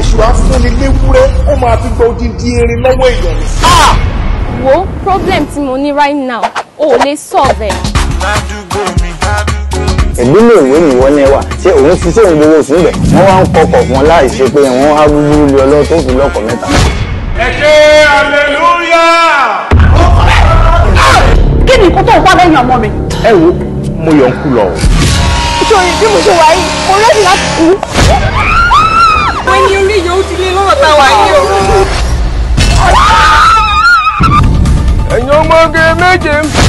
èṣù afúnni léwúrẹ́ ó máa fi gba odindi erin lọ́wọ́ èèyàn ni. Ah! wo problem tí mo ní right now o ò lè solve ẹ̀. ládùúgbò mi ládùúgbò mi. ìdílé ìwé nìwọ ni ẹ wà ṣé òun ti ṣe òun gbowó oṣù bẹ̀. wọ́n wá ń kọkọ̀ fún ọ láì ṣe pé wọ́n á wúwú lé ọlọ́ tó fi lọ́kọ̀ mẹ́ta. ẹ ké aleluya. kí ni nǹkan tó ń ọmọ mi. ẹ wo mo yọ ń kú lọ. ìṣòro bí mo ṣe wà yìí mo rẹ́dì láti kú. Thank